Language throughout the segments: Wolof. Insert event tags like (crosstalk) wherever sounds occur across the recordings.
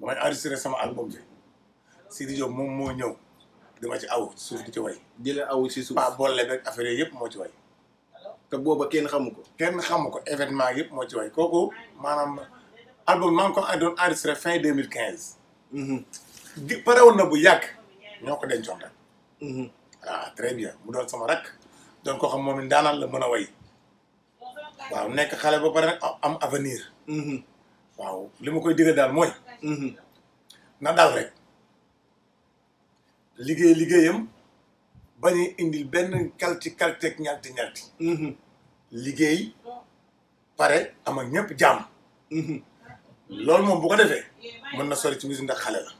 damay enregistré sama album bi Sidi Diop moom moo ñëw dama ci aw suuf di ci way. di la aw ci suuf. pas boole beeg affaire yëpp moo ci way. te booba kenn xamu ko. kenn xamu ko événement yëpp moo ci way kooku maanaam album man ngi ko doon enregistré fin 2015. di parewoon na bu yàgg ñoo ko dencoon rek. Mhm. ah bien mu doon sama rek doon koo xam moom daanal la mën a way. waaw nekk xale ba pare nag am avenir. Mhm. waaw li ma koy digal daal mooy. Mhm. na dal rek liggéey liggéeyam bañ a indil benn kalti kalti ak ñalti ñalti mhm. liggéey pare am ak ñëpp jàmm mhm. loolu moom bu ko defee mën na sori ci musique ndax xale la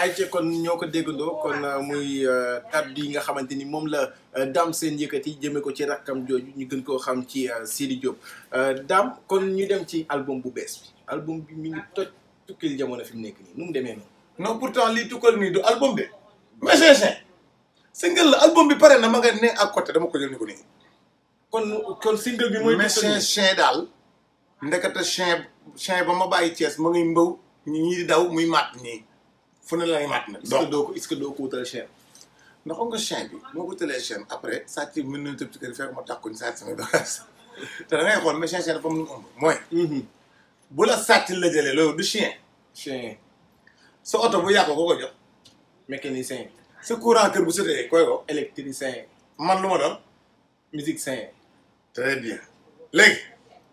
ay ci kon ñoo ko déggandoo kon euh, muy euh, kàddu yi nga xamante ni moom la euh, Dame Sène yëkkati jëmee ko ci rakkam jooju ñu gën koo xam ci Sidy Diop Dame kon ñu dem ci album bu bees bi album bi mi ngi toj tukkil jamono fi mu nekk nii nu mu demee noonu. non pourtant lii tukkal nii du album de. mais c'est single la album bi pare na ma nga ne à côté dama ko jël ni ko nii. kon kon single bi mooy. mais chien daal. ndekete chien chien ba ma bàyyi Thiès ma ngi mbaw ñi ñii daw muy matt ñii fu ne la ñuy matt nag. donc est-ce doo ko est-ce que doo ko wutal chien. bi moo ko wutalee chien après sàcc mën nañu tëb ci kër fekk ma tàkkuñ sàcc samay bagages (laughs) te da xool mais chien dafa mën a ëmb mooy. Mhm. le chien. la du chien. chien sa le bu ko mécanicien. courant électrique? bu sété koy électricien. man musicien. très bien Leg.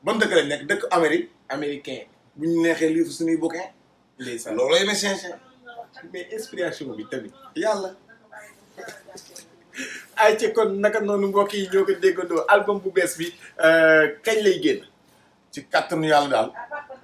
Bon le C'est le Amérique. américain bu C'est suñu bouquin. le C'est mais inspiration bi tamit yalla (laughs) ay ci kon naka nonu mbokk yi le album bu bees bi euh, kañ lay génn. ci kattanu yàlla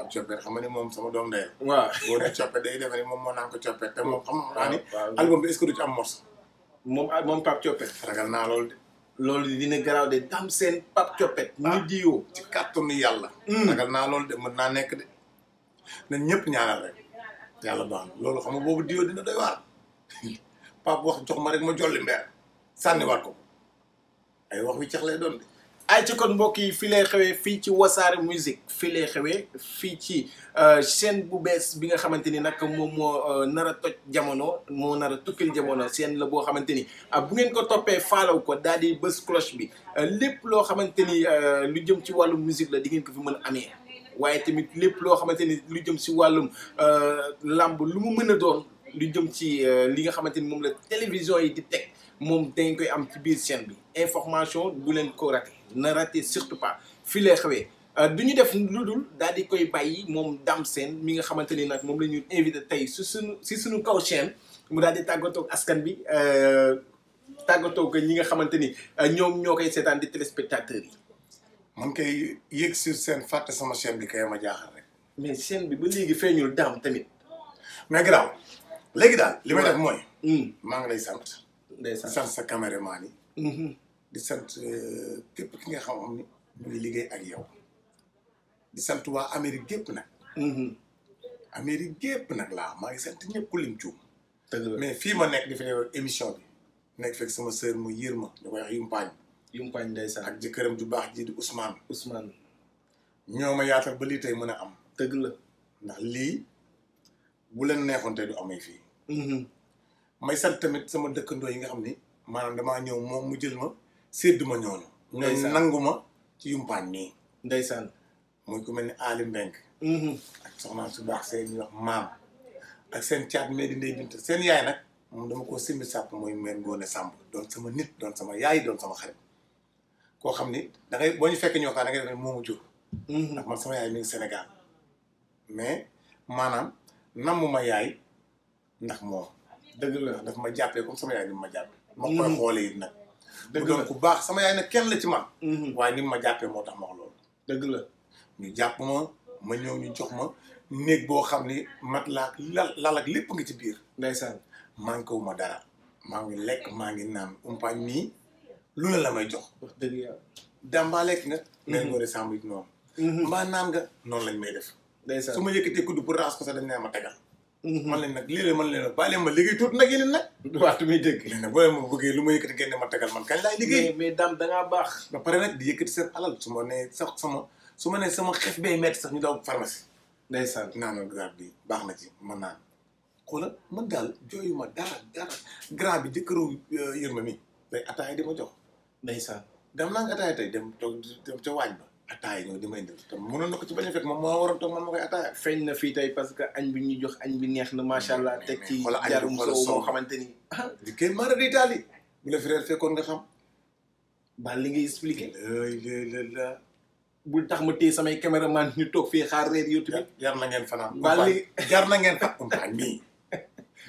kon coppe xam nga moom sama doom day waaw boo ne day defe moom moo naan ko coppe te moom xam naa ni album bi ci am morceau moom ah, moom Pape Coppe naa lool de loolu dina garaaw de tam seen Pape Coppe ah, ñu diyoo ci kàttanu yàlla hmm. ragal naa loolu de mën naa nekk de nañ ñëpp ñaanal rek yàlla baax na loolu xam nga boobu diyoo dina doy waar (laughs) Pape wax jox ma rek ma jolli mbeer sànniwaat ko ay wax wi cax lay doon de ay ci kon mbokk yi fii lay xewee fii ci wasaare musique fii lay xewee fii ci euh, chaîne bu bees bi nga xamante ni nag moom moo euh, nar a toj jamono moo nar a tukkil jamono chaîne la boo xamante ni euh, bu ngeen ko toppee faalaw ko daal di bës cloche bi lépp loo xamante ni lu jëm ci wàllu musique la di ngeen ko fi mën a amee waaye tamit lépp loo xamante ni lu jëm si wàllum lamb lu mu mën a doon lu jëm ci li nga xamante ni moom la télévision yi di teg mom dañ koy am ci biir chaîne bi information bu leen ko raté na raté surtout pas fii lay xewee euh, duñu def lu dul daal di koy bàyyi moom dam Sène mi nga xamante ni nag moom la ñu invité tey su suñu si suñu kaw chaîne mu daal di tàggatoog askan bi euh, tàggatoog ñi nga xamante ni euh, ñoom ñoo koy seetaan di téléspectateurs yi. man kay yéeg sur seen fàtte sama chaîne bi kay ma jaaxal rek. mais chaîne bi ba léegi feeñul dam tamit. mais garaaw léegi daal li may def mooy. Hmm. maa ngi lay sant. ndeysaan sant sa caméraman yi. Mm-hmm. di sant euh, képp ki nga xam ni ñu liggéey ak yow. di sant waa Amérique gépp nag. Mm-hmm. Amérique gépp nag laa maa ngi sant ñëpp ku lim cuum. mais fii ma nekk di fi nekk émission bi. nekk fekk sama sœur mu yër ma ñu koy wax yumpaañ. yumpaañ ndeysaan ak jëkkëram ju baax jiir di Ousmane. Ousmane. ñoo ma yaatal ba lii mën a am. dëgg la ndax lii bu leen du amee fii. Mm-hmm. may sant tamit sama dëkkandoo yi nga xam ni maanaam damaa ñëw moom mu jël ma sédd ma ñoonu. ndeysaan ma ci yumpaan nii. ndeysaan muy ku mel ni Ali Mbengue. Mm-hmm. ak su baax seen ñuy seen caat mais di ndey bint seen moom dama ko simbi sàpp mooy meen ngoone sama nit doon sama yaay doon sama xarit xam ni da boo ñu fekk ñu waxtaan da ngay def ne mm-hmm. ndax man sama yaay mi Sénégal mais maanaam namm ma yaay ndax moom dëgg la daf ma jàppee comme sama yaay ni ma jàppee. ma mm-hmm. koy xoolee it nag. dëgg la ku baax sama yaay nag kenn la ci man. Mm-hmm. waaye ni ma jàppee moo tax ma wax loolu. dëgg la ñu jàpp ma ma ñëw ñu jox ma néeg boo xam ni mat laa lal lal ak lépp nga ci biir. ndeysaan manqué wu ma dara maa ngi lekk maa ngi naan umpaañ mii lu ne la may jox. wax dëgg yàlla dàmbaa lekk nga. ngay ngoore sàmm it noonu. Mm-hmm. mbaa naan nga noonu lañ may def. ndeysaan su ma yëkkatee kudd pour raxas ko sax dañ ne ma tegal. Mm-hmm. man leen nag lii de man leen nag bàyyi leen ma liggéey tuuti nag yéen nag (laughs) waaw tu muy dégg léen nag boo ma bëggee lu ma yëkkati ngeen ma tegal man kañ laay liggéey mais daam dangaa ba pare nag di yëkkati seen su ma nee sax sama su sax ñu daw pharmacie ndeysaan naanal garab bi baax na ci man naan xoola man daal jooyu ma dara dara grand bi jëkkëru euh, yërma mi day ataaya di ma jox ndeysaan dem naa nga ataaya tey dem toog dem ca waañ ba attaay ñoo di may indil te mënoon na ko ci bañ a fekk moom moo waroon toog ma koy attaay. feeñ na fii tey parce que añ bi ñu jox añ bi neex na macha allah. teg ci jarum soow moo xamante ni. (laughs) Ah. di maa mara di taali bu la fi reer nga xam. baa li ngay expliqué. bu tax ma téye samay caméraman ñu toog fii xaar reer yow tamit. jar na ngeen fanaan. baal li jar ngeen ngeen fa añ bi.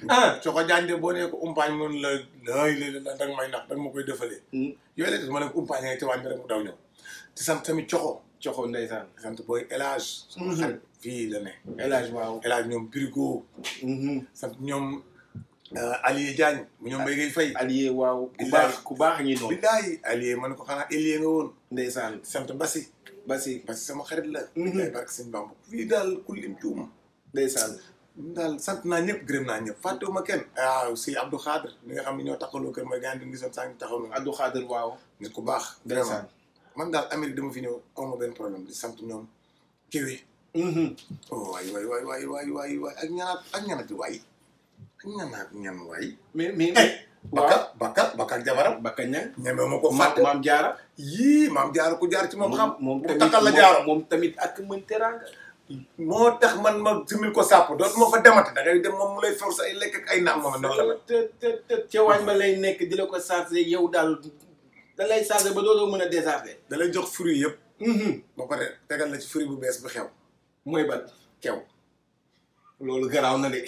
ah soo ko jaajëf boo nee ko umpaañ mun la lay lay la danga may nax danga ma koy defalee. Hmm. yooyu la des ma ne ko umpaañ nga ci wàññi rek mu daw ñëw. di sant tamit coxo. coxo ndeysaan di sant booy élage. sama xarit fii la ne. élage waaw élage ñoom Birigo. Hmm. sant ñoom euh, Alié Diagne. ñoom Mbaye Gueye Faye. Alié waaw ku baax ku baax ñi noonu. billaay Alié man ko xanaa Alié nga woon. ndeysaan sant Basi. Basi que sama xarit la. ñu ngi lay barke sëñ Bamba fii daal ku lim juum. ndeysaan. daal sant naa ñëpp gërëm naa ñëpp fàttewuma kenn ah, si Abdou Khadre mi nga xam ne ñoo taxaloo kër mooy gaan din gisoon sànq taxaw na Abdou Khadre waaw nit ku baax vraiment man daal Amérique dama di sant ñoom kéwee mm-hmm. oh, ak ñan waay eh, bakka bakka bakka bakka ñang ñeme ma ko fàtte maam jaara yii maam jaara ku jaar ci moom xam moom ku takkal la moom tamit ak mën teraanga moo tax man ma simil ko sàpp dootuma fa demati da ngay dem moom mu lay force ay lekk ay naam moom ndox la. te te te ca waañ ma lay nekk di la ko chargé yow daal da lay chargé ba dootoo mën a déchargé. da lay jox fruit yëpp. Mhm. ba pare tegal la ci fruit bu bees bu xew. mooy ban kew. loolu garaaw na de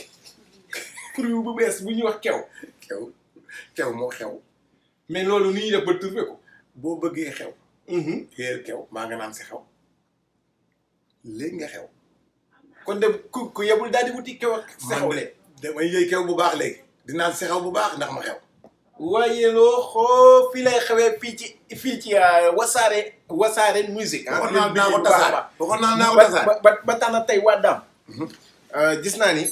fruit bu bees bu ñuy wax kew. kew kew moo xew. mais loolu ni ñuy def ba turbe ko. boo bëggee xew. Mhm. réer kew maa nga naan si xew. léegi nga xew. kon dem ku ku yebul daal di wuti kew ak sexaw de damay yëy kew bu baax léegi dinaa sexaw bu baax ndax ma xew waaye loo xoo fii lay xewee fii ci fii ci euh, wasaare wasaare musique ah waxoon naa ko tasaare waxoon naa naa ko tasaare ba na tey waa daam mhm. euh, gis naa ni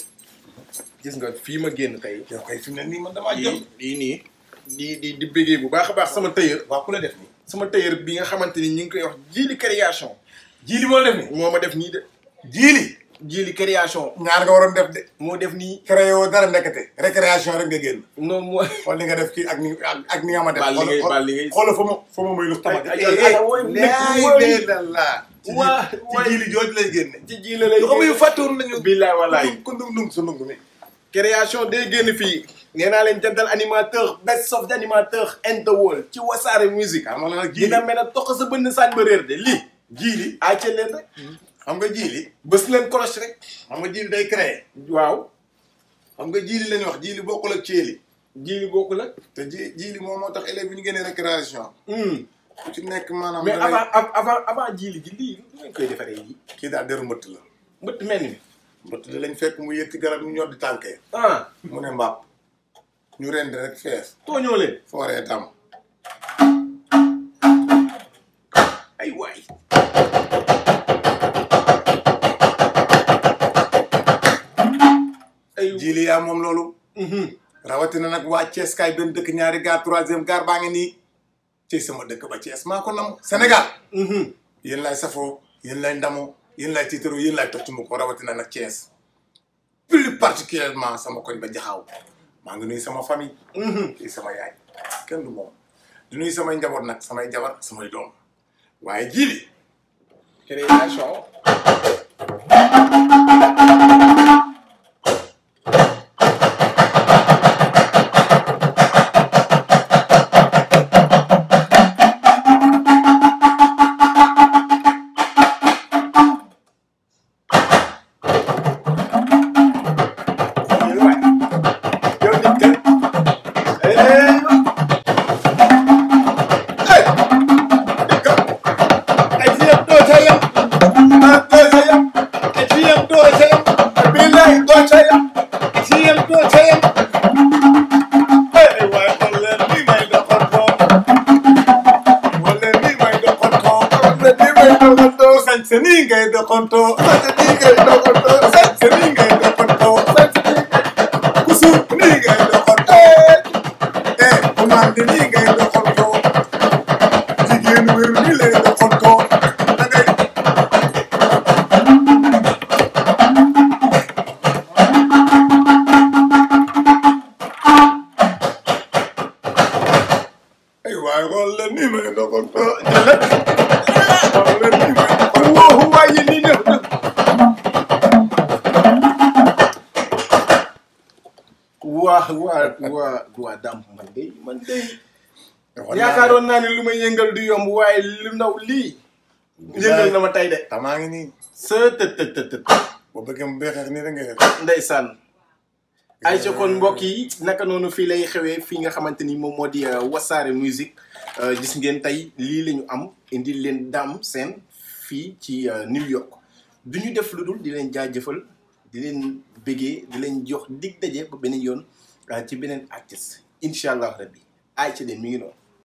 gis nga fii ma génn tey yow kay fi mu ne nii man damaa jëm lii nii di di di bu baax a baax sama tailleur waaw ku la def nii sama tailleur bi nga xamante ni ñu ngi koy wax jii di création jiili moo def nii. moo ma def nii de. jiili. jiili création. ñaar nga waroon def de. moo def nii. créé woo dara nekkate. récréation rek nga génn. non mooy. xool li nga def kii ak ni ak ni ma def. baal liggéey baal liggéey xoolal fa ma fa ma may lu tamate. ay ay ay eh, eh, eh, la. waa ci jiili jooju lay génne. ci jiili lay génne loxo muy fàttoon nañu. billaay wallaay ku ndum ndum su ndum mi. création day génn fii. nee naa leen jantal animateur best of animateur in the world ci wasaare musique. xam nga nag jiili dina mel ne toq sa bënn sànni ba réer de lii jiili àcce leen rek. Hmm. xam nga jiili bës leen cloche rek. xam nga jiili day créer. waaw xam nga jiili lañu wax jiili bokkul ak ceeli. jiili bokk ak. te ji jiili moom moo tax élèves yi ñu génnee récréation. Hmm. ku ci nekk maanaam. mais avant avant avant jiili ji lii lu ñu koy defaree kii daal deru mbëtt la. mbëtt mel ni. mbëtt lañ fekk mu yëkk garab ñu ñor di tànkee. ah mu ne mbapp. ñu rend rek fees. tooñoo leen. fooree tam. yaa moom loolu. Mhm. rawatina nag waa Thiès kaay benn dëkk ñaari gaar troisième gaar baa ngi nii ci sama dëkk ba Thiès maa ko nam Sénégal. Mhm. yéen lay safoo yéen laay ndamoo yéen laay tiitaroo yéen laay toog mu ko rawatina nag Thiès plus particulièrement sama koñ ba jaxaaw maa ngi nuyu sama famille. kii mhm. sama yaay kenn du moom du nuyu samay njaboot nag samay jabar samay doom waaye jiili création ngay doxantoo. sànq nii ngay doxantoo. sànq nii ngay doxantoo. sànq nii. ku suuf nii ngay doxantoo. eh commande nii ngay doxantoo. jigéen wér nii lay doxantoo. da ngay. ay waay xool la nii may doxantoo baax waa waa waa dàmp man de man de. yaakaaroon naa ne lu may yëngal du yomb waaye lu ndaw lii. yëngal na ma tey de. tamaa ngi nii. sa të të të ay ci kon mbokk yi naka noonu fii lay xewee fii nga xamante ni moom moo di euh, wasaare musique euh, gis ngeen tey lii lañu am indi leen Dame seen fii ci euh, New York du ñu def lu dul di leen jëfal di leen bëggee di leen jox dig daje ba beneen yoon. ci beneen artiste incha allah rabbi Aïcha de mi ngi noonu